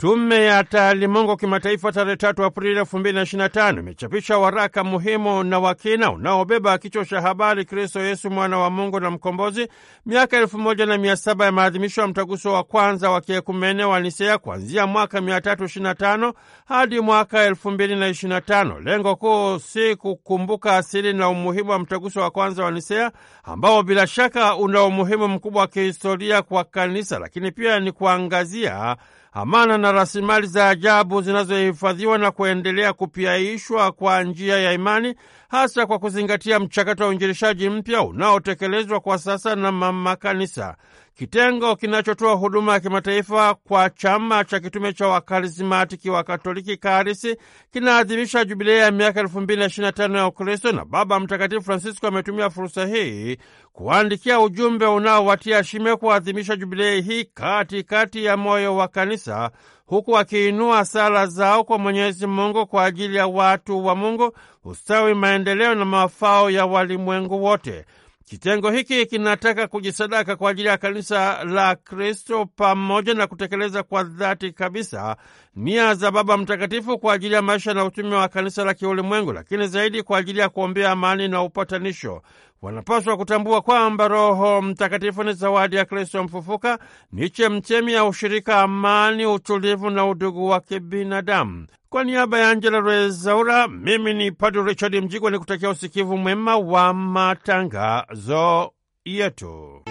Tume ya Taalimungu Kimataifa tarehe tatu Aprili elfu mbili na tano imechapisha waraka muhimu na wakina unaobeba kichwa cha habari Kristo Yesu mwana wa Mungu na Mkombozi, miaka elfu moja na mia saba ya maadhimisho ya mtaguso wa kwanza wa kiekumene wa Nisea kuanzia mwaka mia tatu na tano hadi mwaka elfu mbili na na tano. Lengo kuu si kukumbuka asili na umuhimu wa mtaguso wa kwanza wa Nisea ambao bila shaka una umuhimu mkubwa wa kihistoria kwa Kanisa, lakini pia ni kuangazia amana na na rasilimali za ajabu zinazohifadhiwa na kuendelea kupiaishwa kwa njia ya imani, hasa kwa kuzingatia mchakato wa uinjilishaji mpya unaotekelezwa kwa sasa na mama kanisa kitengo kinachotoa huduma ya kimataifa kwa chama cha kitume cha wakarismatiki wa Katoliki karisi kinaadhimisha jubilei ya miaka elfu mbili na na tano ya Ukristo, na Baba Mtakatifu Francisco ametumia fursa hii kuandikia ujumbe unaowatia shime kuadhimisha jubilei hii katikati kati ya moyo wa kanisa huku wakiinua sala zao kwa Mwenyezi Mungu kwa ajili ya watu wa Mungu, ustawi, maendeleo na mafao ya walimwengu wote. Kitengo hiki kinataka kujisadaka kwa ajili ya kanisa la Kristo pamoja na kutekeleza kwa dhati kabisa nia za Baba Mtakatifu kwa ajili ya maisha na utume wa kanisa la kiulimwengu, lakini zaidi kwa ajili ya kuombea amani na upatanisho. Wanapaswa kutambua kwamba Roho Mtakatifu ni zawadi ya Kristo mfufuka, ni chemchemi ya ushirika, amani, utulivu na udugu wa kibinadamu. Kwa niaba ya Angela Rezaura, mimi ni Padre Richard Mjigwa, ni kutakia usikivu mwema wa matangazo yetu.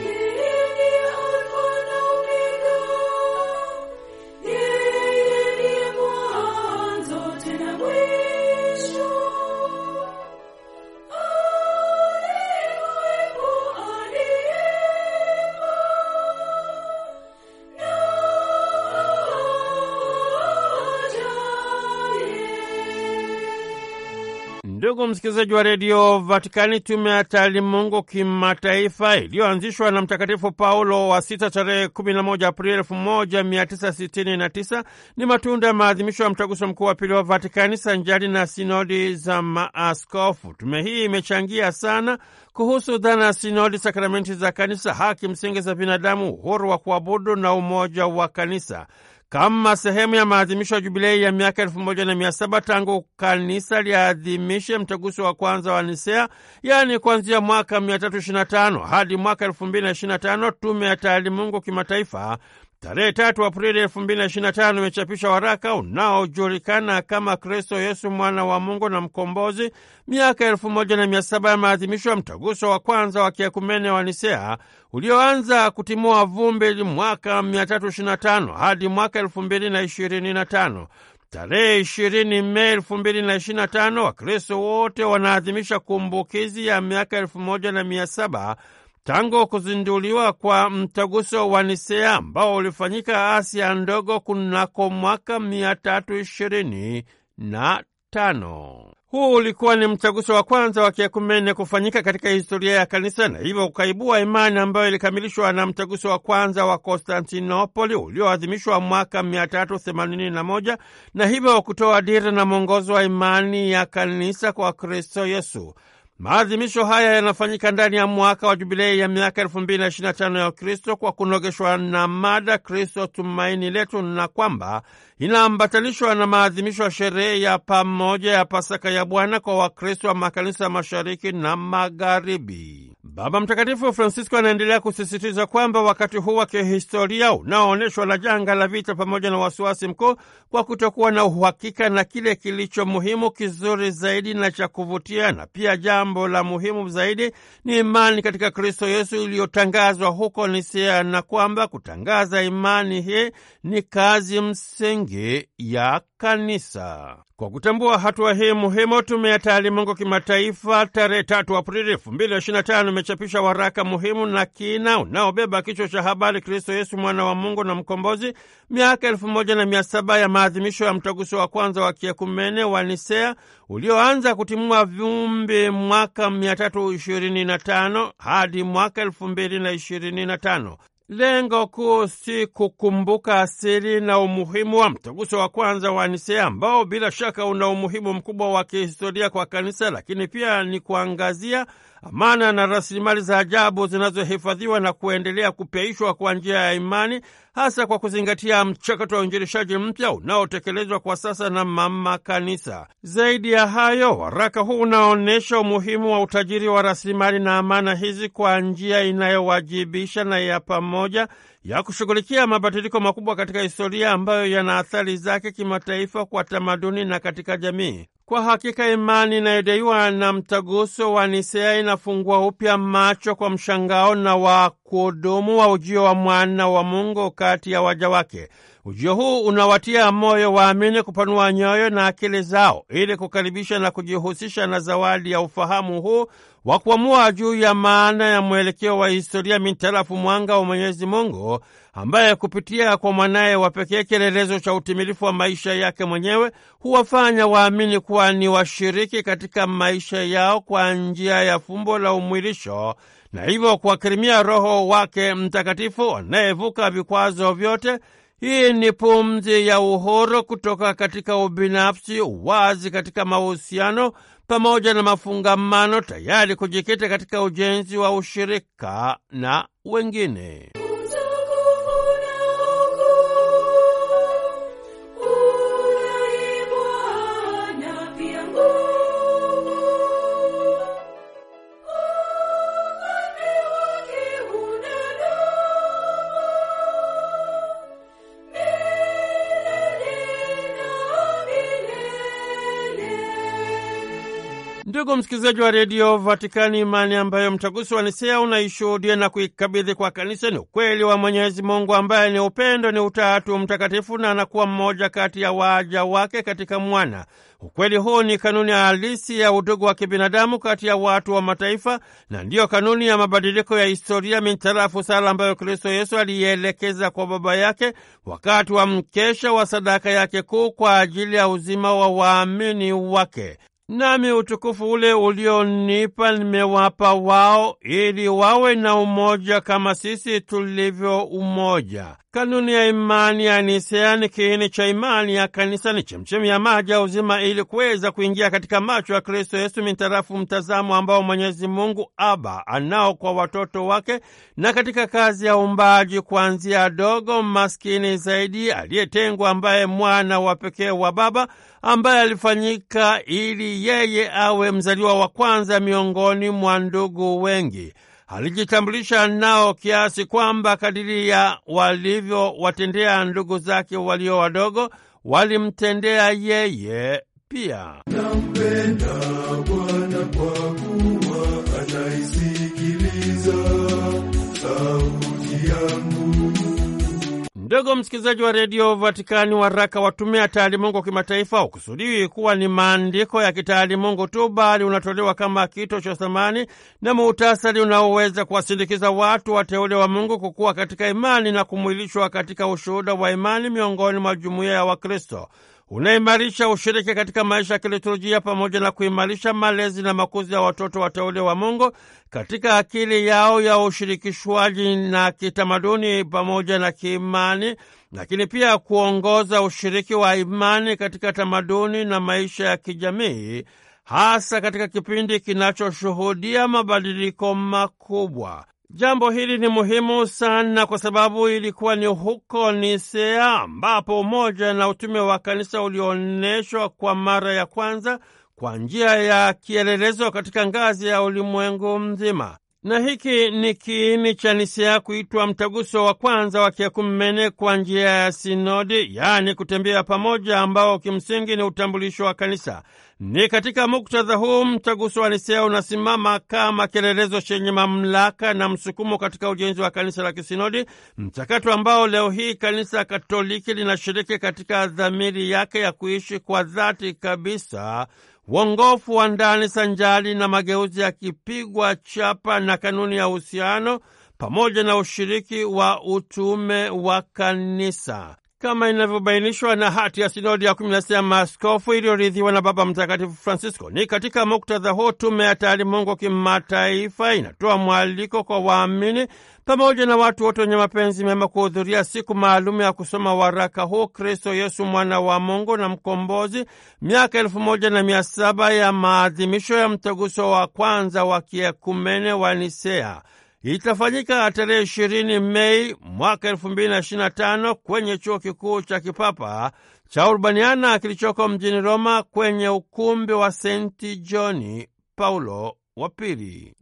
Ndugu msikilizaji wa redio Vatikani, tume ya taalimungu kimataifa iliyoanzishwa na Mtakatifu Paulo wa Sita tarehe 11 Aprili 1969 ni matunda ya maadhimisho ya mtaguso mkuu wa pili wa Vatikani sanjari na sinodi za maaskofu. Tume hii imechangia sana kuhusu dhana ya sinodi, sakramenti za kanisa, haki msingi za binadamu, uhuru wa kuabudu na umoja wa kanisa kama sehemu ya maadhimisho ya jubilei ya miaka elfu moja na mia saba tangu kanisa liadhimishe mtaguso wa kwanza wa Nisea, yaani kuanzia mwaka 325 hadi mwaka 2025, tume ya taalimungu kimataifa Tarehe tatu Aprili elfu mbili na ishirini na tano imechapishwa waraka unaojulikana kama Kristo Yesu mwana wa Mungu na Mkombozi, miaka elfu moja na mia saba ya maadhimisho ya mtaguso wa kwanza wa kiakumene wa Nisea ulioanza kutimua vumbi mwaka 325 hadi mwaka elfu mbili na ishirini na tano. Tarehe ishirini Mei elfu mbili na ishirini na tano Wakristo wote wanaadhimisha kumbukizi ya miaka elfu moja na mia saba Tangu kuzinduliwa kwa mtaguso wa Nisea ambao ulifanyika Asia ndogo kunako mwaka mia tatu ishirini na tano. Huu ulikuwa ni mtaguso wa kwanza wa kiekumene kufanyika katika historia ya kanisa na hivyo ukaibua imani ambayo ilikamilishwa na mtaguso wa kwanza wa Konstantinopoli ulioadhimishwa mwaka 381 na hivyo kutoa dira na mwongozo wa imani ya kanisa kwa Kristo Yesu. Maadhimisho haya yanafanyika ndani ya mwaka wa jubilei ya miaka elfu ya Ukristo kwa kunogeshwa na mada Kristo tumaini letu, na kwamba inaambatanishwa na maadhimisho ya sherehe ya pamoja ya Pasaka ya Bwana kwa Wakristo wa makanisa ya mashariki na magharibi. Baba Mtakatifu Francisco anaendelea kusisitiza kwamba wakati huu wa kihistoria unaoonyeshwa na janga la vita pamoja na wasiwasi mkuu kwa kutokuwa na uhakika na kile kilicho muhimu, kizuri zaidi na cha kuvutia, na pia jambo la muhimu zaidi ni imani katika Kristo Yesu iliyotangazwa huko Nisea, na kwamba kutangaza imani hii ni kazi msingi msingi ya kanisa. Kwa kutambua hatua hii muhimu, Tume ya Taalimungu Kimataifa tarehe tatu Aprili elfu mbili ishirini na tano imechapisha waraka muhimu na kina unaobeba kichwa cha habari Kristo Yesu mwana wa Mungu na Mkombozi, miaka elfu moja na mia saba ya maadhimisho ya mtaguso wa kwanza wa kiekumene wa Nisea ulioanza kutimua vumbi mwaka mia tatu ishirini na tano hadi mwaka elfu mbili na ishirini na tano. Lengo kuu si kukumbuka asili na umuhimu wa mtaguso wa kwanza wa Nisea ambao bila shaka una umuhimu mkubwa wa kihistoria kwa kanisa, lakini pia ni kuangazia amana na rasilimali za ajabu zinazohifadhiwa na kuendelea kupeishwa kwa njia ya imani, hasa kwa kuzingatia mchakato wa uinjilishaji mpya unaotekelezwa kwa sasa na mama kanisa. Zaidi ya hayo, waraka huu unaonyesha umuhimu wa utajiri wa rasilimali na amana hizi kwa njia inayowajibisha na ya pamoja ya kushughulikia mabadiliko makubwa katika historia ambayo yana athari zake kimataifa kwa tamaduni na katika jamii. Kwa hakika imani inayodaiwa na mtaguso wa Nisea inafungua upya macho kwa mshangao na wa kudumu wa ujio wa mwana wa Mungu kati ya waja wake. Ujio huu unawatia moyo waamini kupanua nyoyo na akili zao ili kukaribisha na kujihusisha na zawadi ya ufahamu huu wa kuamua juu ya maana ya mwelekeo wa historia mitarafu mwanga wa Mwenyezi Mungu, ambaye kupitia kwa mwanaye wa pekee kielelezo cha utimilifu wa maisha yake mwenyewe huwafanya waamini kuwa ni washiriki katika maisha yao kwa njia ya fumbo la umwilisho na hivyo kuwakirimia Roho wake Mtakatifu anayevuka vikwazo vyote. Hii ni pumzi ya uhuru kutoka katika ubinafsi, uwazi katika mahusiano, pamoja na mafungamano, tayari kujikita katika ujenzi wa ushirika na wengine. Ndugu msikilizaji wa redio Vatikani, imani ambayo mtaguso wa Nisea unaishuhudia na kuikabidhi kwa kanisa ni ukweli wa Mwenyezi Mungu ambaye ni upendo, ni Utatu Mtakatifu na anakuwa mmoja kati ya waja wake katika Mwana. Ukweli huu ni kanuni halisi ya udugu wa kibinadamu kati ya watu wa mataifa na ndiyo kanuni ya mabadiliko ya historia mintarafu sala ambayo Kristo Yesu aliielekeza kwa Baba yake wakati wa mkesha wa sadaka yake kuu kwa ajili ya uzima wa waamini wake nami utukufu ule ulionipa nimewapa wao, ili wawe na umoja kama sisi tulivyo umoja. Kanuni ya imani ya Nisea ni kiini cha imani ya kanisa, ni chemchemi ya maji ya uzima, ili kuweza kuingia katika macho ya Kristo Yesu mitarafu mtazamo ambao Mwenyezi Mungu Aba anao kwa watoto wake, na katika kazi ya umbaji kuanzia dogo maskini zaidi aliyetengwa, ambaye mwana wa pekee wa Baba ambaye alifanyika ili yeye awe mzaliwa wa kwanza miongoni mwa ndugu wengi. Alijitambulisha nao kiasi kwamba kadiri ya walivyowatendea ndugu zake walio wadogo, walimtendea yeye pia. Nampenda Bwana Ndugu msikilizaji wa redio Vatikani, waraka watumia taalimungu wa kimataifa ukusudii kuwa ni maandiko ya kitaalimungu tu, bali unatolewa kama kito cha thamani na muhtasari unaoweza kuwasindikiza watu wateule wa Mungu kukuwa katika imani na kumwilishwa katika ushuhuda wa imani miongoni mwa jumuiya ya Wakristo unaimarisha ushiriki katika maisha ya kiliturujia pamoja na kuimarisha malezi na makuzi ya watoto wateule wa Mungu katika akili yao ya ushirikishwaji na kitamaduni pamoja na kiimani, lakini pia kuongoza ushiriki wa imani katika tamaduni na maisha ya kijamii, hasa katika kipindi kinachoshuhudia mabadiliko makubwa. Jambo hili ni muhimu sana kwa sababu ilikuwa ni huko Nisea ambapo umoja na utume wa kanisa ulioonyeshwa kwa mara ya kwanza kwa njia ya kielelezo katika ngazi ya ulimwengu mzima. Na hiki ni kiini cha Nisea kuitwa mtaguso wa kwanza wa kiakumene kwa njia ya sinodi, yaani kutembea pamoja, ambao kimsingi ni utambulisho wa kanisa. Ni katika muktadha huu mtaguso wa Nisea unasimama kama kielelezo chenye mamlaka na msukumo katika ujenzi wa kanisa la kisinodi, mchakato ambao leo hii kanisa Katoliki linashiriki katika dhamiri yake ya kuishi kwa dhati kabisa uongofu wa ndani sanjari na mageuzi yakipigwa chapa na kanuni ya uhusiano pamoja na ushiriki wa utume wa kanisa kama inavyobainishwa na hati ya sinodi ya 16 ya maaskofu iliyoridhiwa na Baba Mtakatifu Francisco. Ni katika muktadha huu tume ya taalimungu kimataifa inatoa mwaliko kwa waamini pamoja na watu wote wenye mapenzi mema kuhudhuria siku maalumu ya kusoma waraka huu Kristo Yesu mwana wa Mungu na mkombozi, miaka elfu moja na mia saba ya maadhimisho ya mtaguso wa kwanza wa kiekumene wa Nisea itafanyika tarehe ishirini Mei mwaka elfu mbili na ishirini na tano kwenye chuo kikuu cha kipapa cha Urbaniana kilichoko mjini Roma kwenye ukumbi wa Senti Johni Paulo wa Pili.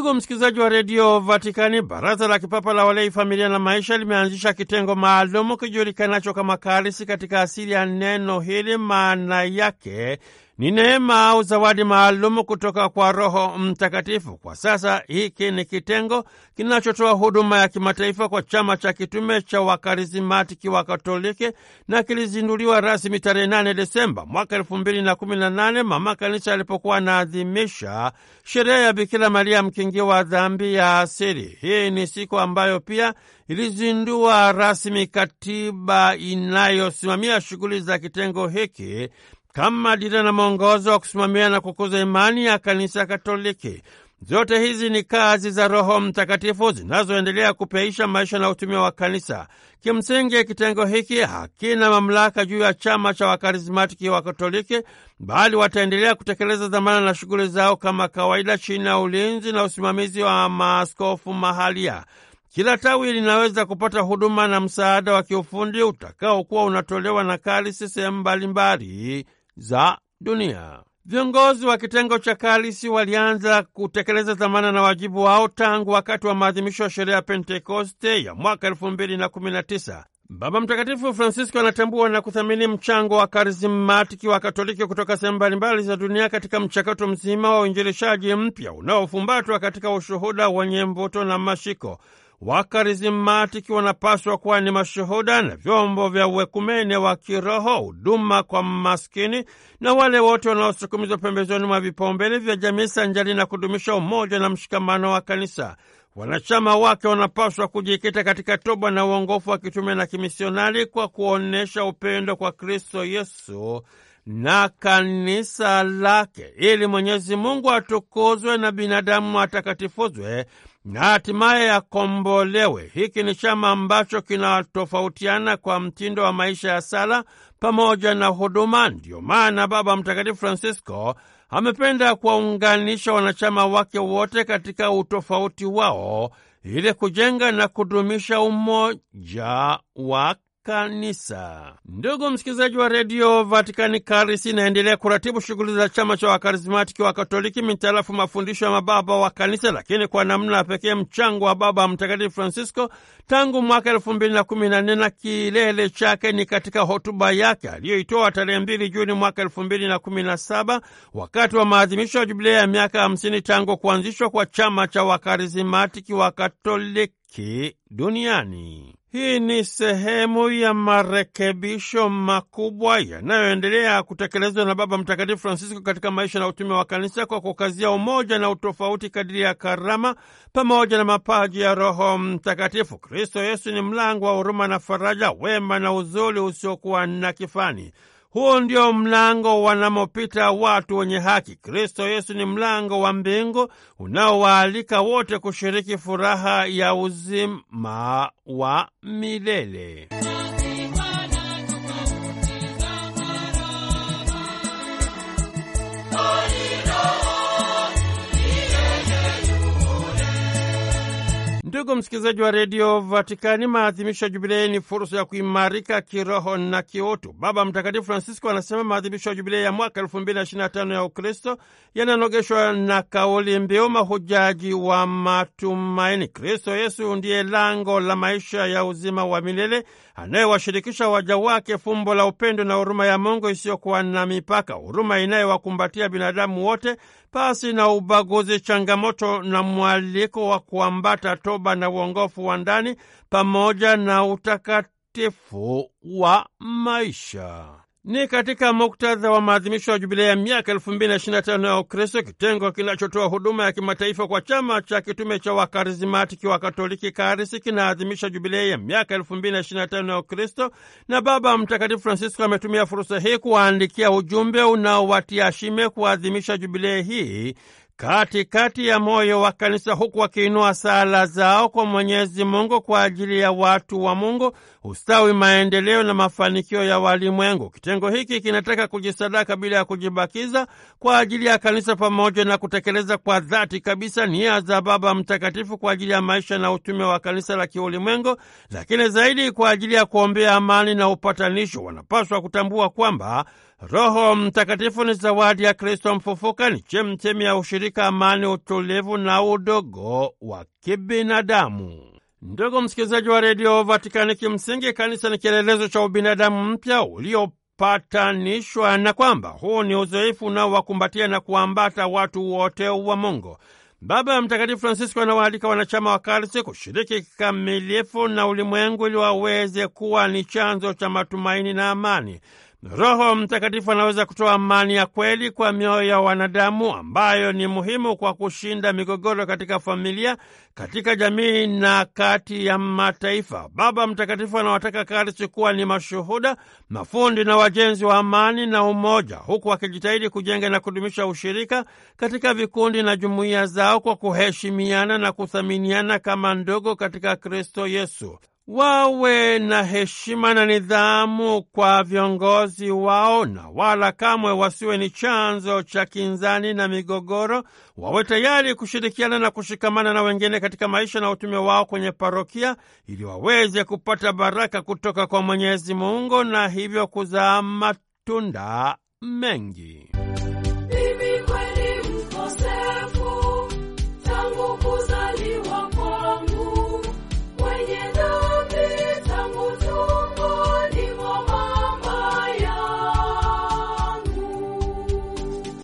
Ndugu msikilizaji wa redio Vatikani, baraza la kipapa la walei, familia na maisha limeanzisha kitengo maalumu kijulikanacho kama karisi. Katika asili ya neno hili, maana yake ni neema au zawadi maalumu kutoka kwa Roho Mtakatifu. Kwa sasa hiki ni kitengo kinachotoa huduma ya kimataifa kwa chama cha kitume cha wakarismatiki wa Katoliki na kilizinduliwa rasmi tarehe nane Desemba mwaka nane mama kanisa alipokuwa anaadhimisha sherehe ya Bikira Maria mkingi wa dhambi ya asili. Hii ni siku ambayo pia ilizindua rasmi katiba inayosimamia shughuli za kitengo hiki kama dira na mwongozo wa kusimamia na kukuza imani ya Kanisa Katoliki. Zote hizi ni kazi za Roho Mtakatifu zinazoendelea kupeisha maisha na utumia wa kanisa. Kimsingi, kitengo hiki hakina mamlaka juu ya chama cha Wakarismatiki wa Katoliki, bali wataendelea kutekeleza dhamana na shughuli zao kama kawaida chini ya ulinzi na usimamizi wa maaskofu mahalia. Kila tawi linaweza kupata huduma na msaada wa kiufundi utakaokuwa unatolewa na karisi sehemu mbalimbali za dunia. Viongozi wa kitengo cha Kalisi walianza kutekeleza dhamana na wajibu wao tangu wakati wa maadhimisho ya sherehe ya Pentekoste ya mwaka elfu mbili na kumi na tisa. Baba Mtakatifu Francisco anatambua na kuthamini mchango wa karismatiki wa Katoliki kutoka sehemu mbalimbali za dunia katika mchakato mzima wa uinjilishaji mpya unaofumbatwa katika ushuhuda wenye mvuto na mashiko. Wakarismatiki wanapaswa kuwa ni mashuhuda na vyombo vya uwekumene wa kiroho, huduma kwa maskini na wale wote wanaosukumizwa pembezoni mwa vipaumbele vya jamii, sanjari na kudumisha umoja na mshikamano wa kanisa. Wanachama wake wanapaswa kujikita katika toba na uongofu wa kitume na kimisionari kwa kuonyesha upendo kwa Kristo Yesu na kanisa lake, ili Mwenyezi Mungu atukuzwe na binadamu atakatifuzwe na hatimaye yakombolewe. Hiki ni chama ambacho kinatofautiana kwa mtindo wa maisha ya sala pamoja na huduma. Ndiyo maana Baba Mtakatifu Francisco amependa kuwaunganisha wanachama wake wote katika utofauti wao ili kujenga na kudumisha umoja wa kanisa. Ndugu msikilizaji wa redio Vatikani, Karisi inaendelea kuratibu shughuli za chama cha wakarismatiki wa Katoliki mitarafu mafundisho ya mababa wa kanisa, lakini kwa namna ya pekee mchango wa Baba Mtakatifu Francisco tangu mwaka elfu mbili na kumi na nne na kilele chake ni katika hotuba yake aliyoitoa tarehe mbili Juni mwaka elfu mbili na kumi na saba wakati wa maadhimisho ya jubilia ya miaka hamsini tangu kuanzishwa kwa chama cha wakarismatiki wa Katoliki duniani. Hii ni sehemu ya marekebisho makubwa yanayoendelea kutekelezwa na Baba Mtakatifu Francisco katika maisha na utume wa Kanisa kwa kukazia umoja na utofauti kadiri ya karama pamoja na mapaji ya Roho Mtakatifu. Kristo Yesu ni mlango wa huruma na faraja, wema na uzuri usiokuwa na kifani huu ndio mlango wanamopita watu wenye haki. Kristo Yesu ni mlango wa mbingu unaowaalika wote kushiriki furaha ya uzima wa milele. Ndugu msikilizaji wa redio Vatikani, maadhimisho ya jubilei ni fursa ya kuimarika kiroho na kiutu. Baba Mtakatifu Francisco anasema maadhimisho ya jubilei ya mwaka elfu mbili na na tano ya Ukristo yananogeshwa na kauli mbiu mahujaji wa matumaini. Kristo Yesu ndiye lango la maisha ya uzima wa milele anayewashirikisha waja wake fumbo la upendo na huruma ya Mungu isiyokuwa na mipaka, huruma inayowakumbatia binadamu wote pasi na ubaguzi, changamoto na mwaliko wa kuambata toba na uongofu wa ndani pamoja na utakatifu wa maisha. Ni katika muktadha wa maadhimisho ya jubilei ya miaka elfu mbili na ishirini na tano ya Ukristo, kitengo kinachotoa huduma ya kimataifa kwa chama cha kitume cha wakarismatiki wa Katoliki KARISI kinaadhimisha jubilei ya miaka elfu mbili na ishirini na tano ya Ukristo, na Baba Mtakatifu Francisco ametumia fursa hii kuwaandikia ujumbe unaowatia shime kuadhimisha jubilei hii katikati kati ya moyo wa kanisa huku wakiinua sala zao kwa Mwenyezi Mungu kwa ajili ya watu wa Mungu, ustawi, maendeleo na mafanikio ya walimwengu. Kitengo hiki kinataka kujisadaka bila ya kujibakiza kwa ajili ya kanisa pamoja na kutekeleza kwa dhati kabisa nia za Baba Mtakatifu kwa ajili ya maisha na utume wa kanisa la kiulimwengu, lakini zaidi kwa ajili ya kuombea amani na upatanisho. Wanapaswa kutambua kwamba Roho Mtakatifu ni zawadi ya Kristo mfufuka, ni chemchemi ya ushirika, amani, utulivu na udogo wa kibinadamu. Ndugu msikilizaji wa redio Vatikani, kimsingi kanisa ni kielelezo cha ubinadamu mpya uliopatanishwa, na kwamba huu ni uzoefu unaowakumbatia na kuambata watu wote wa Mungu. Baba ya Mtakatifu Francisco anawaalika wanachama wa Karisi kushiriki kikamilifu na ulimwengu ili waweze kuwa ni chanzo cha matumaini na amani. Roho Mtakatifu anaweza kutoa amani ya kweli kwa mioyo ya wanadamu ambayo ni muhimu kwa kushinda migogoro katika familia, katika jamii na kati ya mataifa. Baba Mtakatifu anawataka Karisi kuwa ni mashuhuda, mafundi na wajenzi wa amani na umoja, huku wakijitahidi kujenga na kudumisha ushirika katika vikundi na jumuiya zao kwa kuheshimiana na kuthaminiana kama ndogo katika Kristo Yesu wawe na heshima na nidhamu kwa viongozi wao, na wala kamwe wasiwe ni chanzo cha kinzani na migogoro. Wawe tayari kushirikiana na kushikamana na wengine katika maisha na utume wao kwenye parokia, ili waweze kupata baraka kutoka kwa Mwenyezi Mungu na hivyo kuzaa matunda mengi.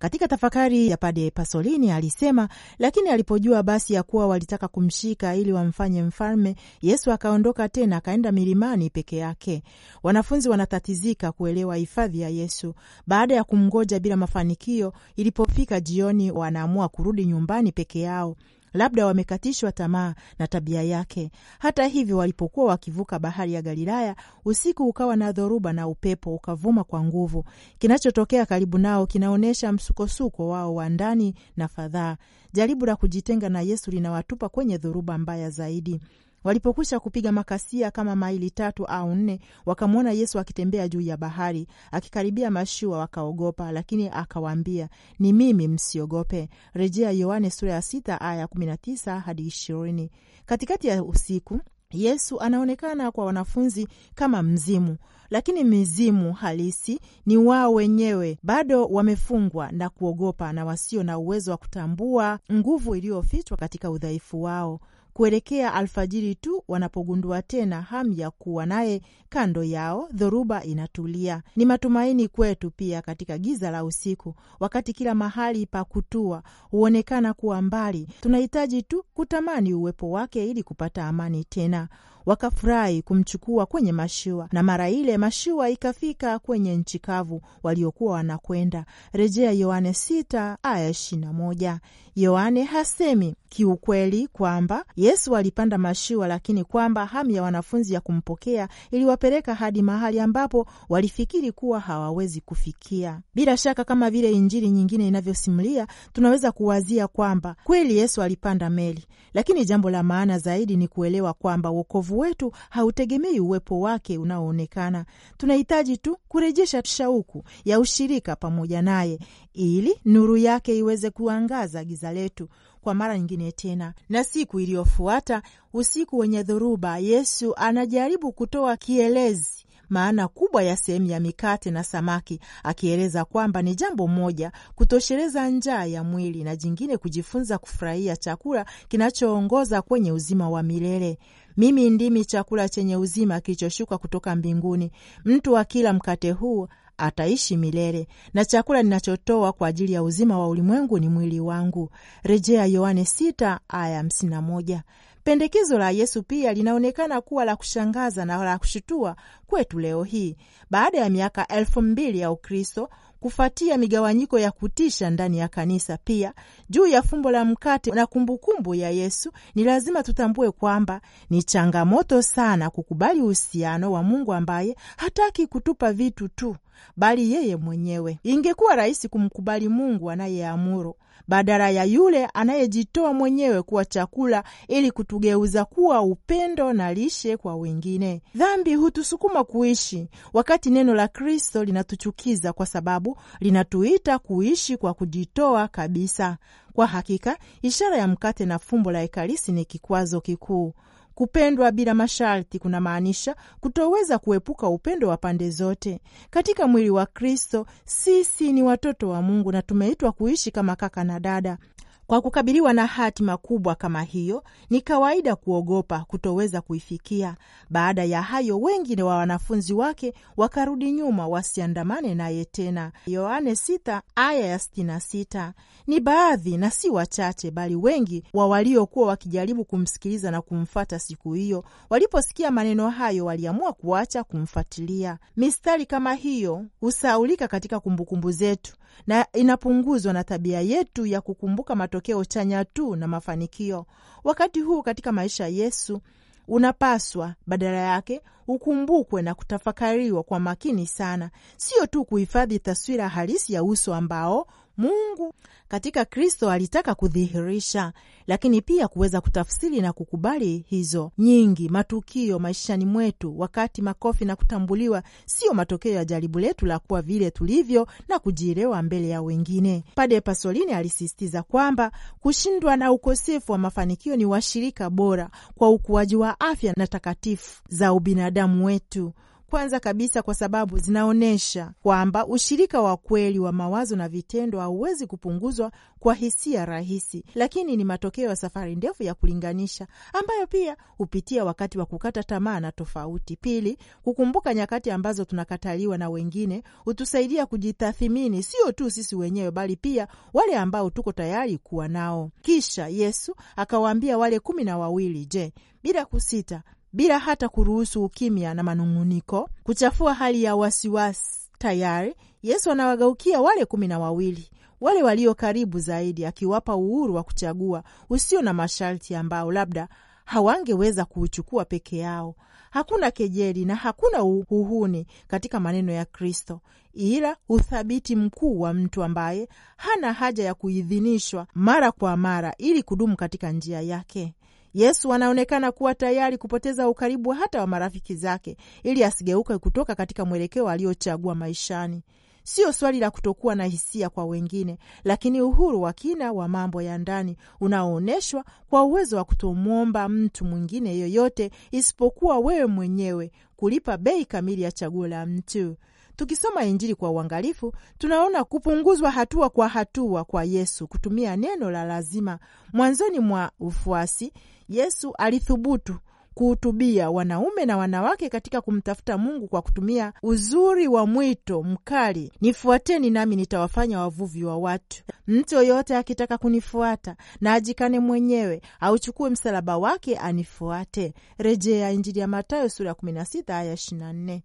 Katika tafakari ya Pade Pasolini alisema, lakini alipojua basi ya kuwa walitaka kumshika ili wamfanye mfalme, Yesu akaondoka tena akaenda milimani peke yake. Wanafunzi wanatatizika kuelewa hifadhi ya Yesu. Baada ya kumngoja bila mafanikio, ilipofika jioni, wanaamua kurudi nyumbani peke yao labda wamekatishwa tamaa na tabia yake. Hata hivyo, walipokuwa wakivuka bahari ya Galilaya, usiku ukawa na dhoruba na upepo ukavuma kwa nguvu. Kinachotokea karibu nao kinaonyesha msukosuko wao wa ndani na fadhaa. Jaribu la kujitenga na Yesu linawatupa kwenye dhoruba mbaya zaidi. Walipokwisha kupiga makasia kama maili tatu au nne, wakamwona Yesu akitembea juu ya bahari akikaribia mashua, wakaogopa. Lakini akawaambia, ni mimi, msiogope. Rejea Yohane sura ya sita aya kumi na tisa hadi ishirini. Katikati ya usiku Yesu anaonekana kwa wanafunzi kama mzimu, lakini mizimu halisi ni wao wenyewe, bado wamefungwa na kuogopa na wasio na uwezo wa kutambua nguvu iliyofichwa katika udhaifu wao kuelekea alfajiri tu wanapogundua tena hamu ya kuwa naye kando yao, dhoruba inatulia. Ni matumaini kwetu pia katika giza la usiku, wakati kila mahali pa kutua huonekana kuwa mbali. Tunahitaji tu kutamani uwepo wake ili kupata amani tena wakafurahi kumchukua kwenye mashua, na mara ile mashua ikafika kwenye nchi kavu waliokuwa wanakwenda. Rejea Yohane 6 aya 21. Yohane hasemi kiukweli kwamba Yesu alipanda mashua, lakini kwamba hamu ya wanafunzi ya kumpokea iliwapeleka hadi mahali ambapo walifikiri kuwa hawawezi kufikia. Bila shaka, kama vile Injili nyingine inavyosimulia, tunaweza kuwazia kwamba kweli Yesu alipanda meli, lakini jambo la maana zaidi ni kuelewa kwamba wokovu wetu hautegemei uwepo wake unaoonekana. Tunahitaji tu kurejesha shauku ya ushirika pamoja naye, ili nuru yake iweze kuangaza giza letu kwa mara nyingine tena. Na siku iliyofuata, usiku wenye dhoruba, Yesu anajaribu kutoa kielezi maana kubwa ya sehemu ya mikate na samaki, akieleza kwamba ni jambo moja kutosheleza njaa ya mwili na jingine kujifunza kufurahia chakula kinachoongoza kwenye uzima wa milele. Mimi ndimi chakula chenye uzima kilichoshuka kutoka mbinguni. Mtu kila mkate huu ataishi milele, na chakula ninachotoa kwa ajili ya uzima wa ulimwengu ni mwili wangu. Rejea Yohane 6 aya 51. Pendekezo la Yesu pia linaonekana kuwa la kushangaza na la kushutua kwetu leo hii. Baada ya miaka elfu mbili ya Ukristo, kufuatia migawanyiko ya kutisha ndani ya kanisa. Pia juu ya fumbo la mkate na kumbukumbu ya Yesu, ni lazima tutambue kwamba ni changamoto sana kukubali uhusiano wa Mungu ambaye hataki kutupa vitu tu, bali yeye mwenyewe. Ingekuwa rahisi kumkubali Mungu anayeamuru badala ya yule anayejitoa mwenyewe kuwa chakula ili kutugeuza kuwa upendo na lishe kwa wengine. Dhambi hutusukuma kuishi, wakati neno la Kristo linatuchukiza kwa sababu linatuita kuishi kwa kujitoa kabisa. Kwa hakika, ishara ya mkate na fumbo la Ekaristi ni kikwazo kikuu. Kupendwa bila masharti kunamaanisha kutoweza kuepuka upendo wa pande zote. Katika mwili wa Kristo sisi ni watoto wa Mungu na tumeitwa kuishi kama kaka na dada, kwa kukabiliwa na hatima kubwa kama hiyo, ni kawaida kuogopa kutoweza kuifikia. Baada ya hayo, wengi wa wanafunzi wake wakarudi nyuma wasiandamane naye tena. Yohane 6 aya ya 66. Ni baadhi na si wachache, bali wengi wa waliokuwa wakijaribu kumsikiliza na kumfata siku hiyo, waliposikia maneno hayo, waliamua kuacha kumfatilia. Mistari kama hiyo husaulika katika kumbukumbu zetu na inapunguzwa na tabia yetu ya kukumbuka matokeo chanya tu na mafanikio. Wakati huu katika maisha ya Yesu unapaswa badala yake ukumbukwe na kutafakariwa kwa makini sana, sio tu kuhifadhi taswira halisi ya uso ambao Mungu katika Kristo alitaka kudhihirisha, lakini pia kuweza kutafsiri na kukubali hizo nyingi matukio maishani mwetu. Wakati makofi na kutambuliwa sio matokeo ya jaribu letu la kuwa vile tulivyo na kujielewa mbele ya wengine. pade Pasolini alisisitiza kwamba kushindwa na ukosefu wa mafanikio ni washirika bora kwa ukuaji wa afya na takatifu za ubinadamu wetu. Kwanza kabisa kwa sababu zinaonyesha kwamba ushirika wa kweli wa mawazo na vitendo hauwezi kupunguzwa kwa hisia rahisi, lakini ni matokeo ya safari ndefu ya kulinganisha ambayo pia hupitia wakati wa kukata tamaa na tofauti. Pili, kukumbuka nyakati ambazo tunakataliwa na wengine hutusaidia kujitathimini, sio tu sisi wenyewe, bali pia wale ambao tuko tayari kuwa nao. Kisha Yesu akawaambia wale kumi na wawili, je, bila kusita bila hata kuruhusu ukimya na manung'uniko kuchafua hali ya wasiwasi. Tayari Yesu anawageukia wale kumi na wawili wale walio karibu zaidi, akiwapa uhuru wa kuchagua usio na masharti ambao labda hawangeweza kuuchukua peke yao. Hakuna kejeli na hakuna uhuhuni katika maneno ya Kristo, ila uthabiti mkuu wa mtu ambaye hana haja ya kuidhinishwa mara kwa mara ili kudumu katika njia yake. Yesu anaonekana kuwa tayari kupoteza ukaribu hata wa marafiki zake ili asigeuke kutoka katika mwelekeo aliochagua maishani. Sio swali la kutokuwa na hisia kwa wengine, lakini uhuru wa kina wa mambo ya ndani unaoonyeshwa kwa uwezo wa kutomwomba mtu mwingine yoyote isipokuwa wewe mwenyewe kulipa bei kamili ya chaguo la mtu. Tukisoma Injili kwa uangalifu, tunaona kupunguzwa hatua kwa hatua kwa Yesu kutumia neno la lazima mwanzoni mwa ufuasi Yesu alithubutu kuhutubia wanaume na wanawake katika kumtafuta Mungu kwa kutumia uzuri wa mwito mkali, nifuateni nami nitawafanya wavuvi wa watu. Mtu yoyote akitaka kunifuata na ajikane mwenyewe, auchukue msalaba wake anifuate. Rejea Injili ya Mathayo sura ya 16 aya 24.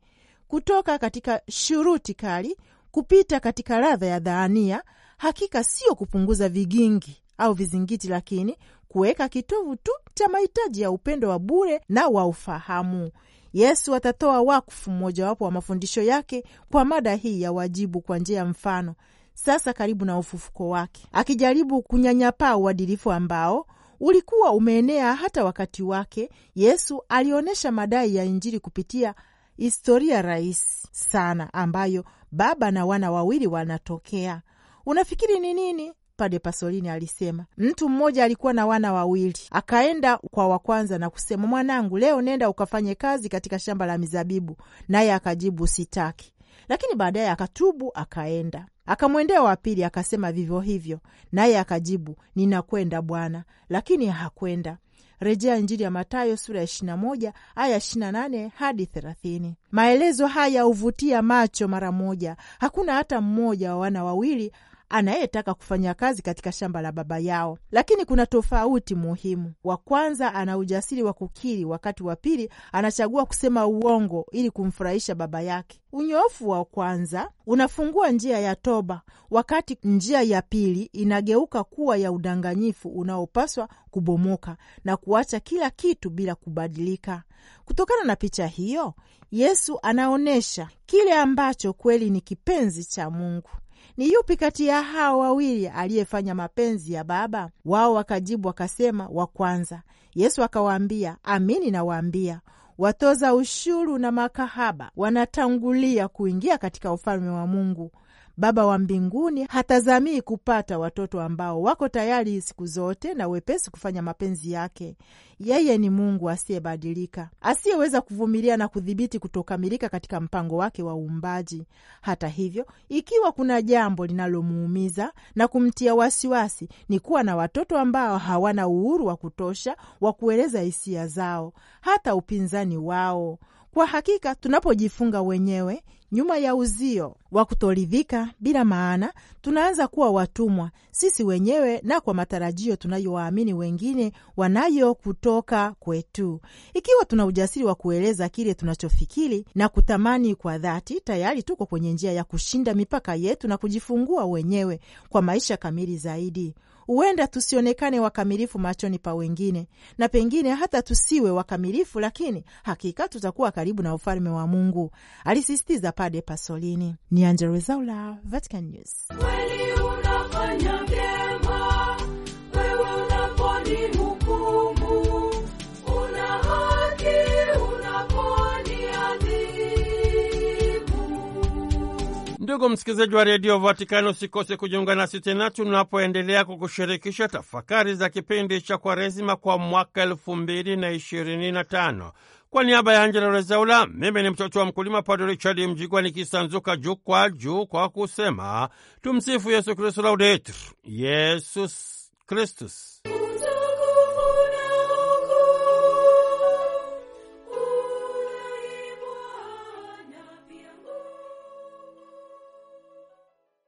Kutoka katika shuruti kali kupita katika ladha ya dhaania, hakika sio kupunguza vigingi au vizingiti, lakini kuweka kitovu tu cha mahitaji ya upendo wa bure na wa ufahamu. Yesu atatoa wakfu mmojawapo wa mafundisho yake kwa mada hii ya wajibu kwa njia ya mfano, sasa karibu na ufufuko wake, akijaribu kunyanyapaa uadilifu ambao ulikuwa umeenea hata wakati wake. Yesu alionyesha madai ya Injili kupitia historia rahisi sana ambayo baba na wana wawili wanatokea. Unafikiri ni nini? Padre Pasolini alisema, mtu mmoja alikuwa na wana wawili. Akaenda kwa wa kwanza na kusema, mwanangu, leo nenda ukafanye kazi katika shamba la mizabibu, naye akajibu, sitaki. Lakini baadaye akatubu, akaenda akamwendea wa pili akasema vivyo hivyo, naye akajibu, ninakwenda bwana, lakini hakwenda. Rejea Injili ya Matayo sura ya 21 aya 28 hadi 30. Maelezo haya huvutia macho mara moja. Hakuna hata mmoja wa wana wawili anayetaka kufanya kazi katika shamba la baba yao. Lakini kuna tofauti muhimu: wa kwanza ana ujasiri wa kukiri, wakati wa pili anachagua kusema uongo ili kumfurahisha baba yake. Unyoofu wa kwanza unafungua njia ya toba, wakati njia ya pili inageuka kuwa ya udanganyifu unaopaswa kubomoka na kuacha kila kitu bila kubadilika. Kutokana na picha hiyo, Yesu anaonyesha kile ambacho kweli ni kipenzi cha Mungu ni yupi kati ya hao wawili aliyefanya mapenzi ya Baba? Wao wakajibu wakasema, wa kwanza. Yesu akawaambia, amini nawaambia watoza ushuru na makahaba wanatangulia kuingia katika ufalme wa Mungu, Baba wa mbinguni hatazamii kupata watoto ambao wako tayari siku zote na wepesi kufanya mapenzi yake. Yeye ni Mungu asiyebadilika, asiyeweza kuvumilia na kudhibiti kutokamilika katika mpango wake wa uumbaji. Hata hivyo, ikiwa kuna jambo linalomuumiza na kumtia wasiwasi, ni kuwa na watoto ambao hawana uhuru wa kutosha wa kueleza hisia zao, hata upinzani wao. Kwa hakika tunapojifunga wenyewe, nyuma ya uzio wa kutoridhika bila maana, tunaanza kuwa watumwa sisi wenyewe na kwa matarajio tunayowaamini wengine wanayo kutoka kwetu. Ikiwa tuna ujasiri wa kueleza kile tunachofikiri na kutamani kwa dhati, tayari tuko kwenye njia ya kushinda mipaka yetu na kujifungua wenyewe kwa maisha kamili zaidi huenda tusionekane wakamilifu machoni pa wengine, na pengine hata tusiwe wakamilifu, lakini hakika tutakuwa karibu na ufalme wa Mungu, alisisitiza Pade Pasolini. Ni Angella Rwezaula, Vatican News. Ndugu msikilizaji wa redio Vatikani, usikose kujiunga nasi tena tunapoendelea kukushirikisha tafakari za kipindi cha Kwaresima kwa mwaka elfu mbili na ishirini na tano. Kwa niaba ya Angela Rezaula, mimi ni mtoto wa mkulima Padre Richard Mjigwa nikisanzuka juu kwa juu kwa kusema tumsifu Yesu Kristu, laudetur Yesus Kristus.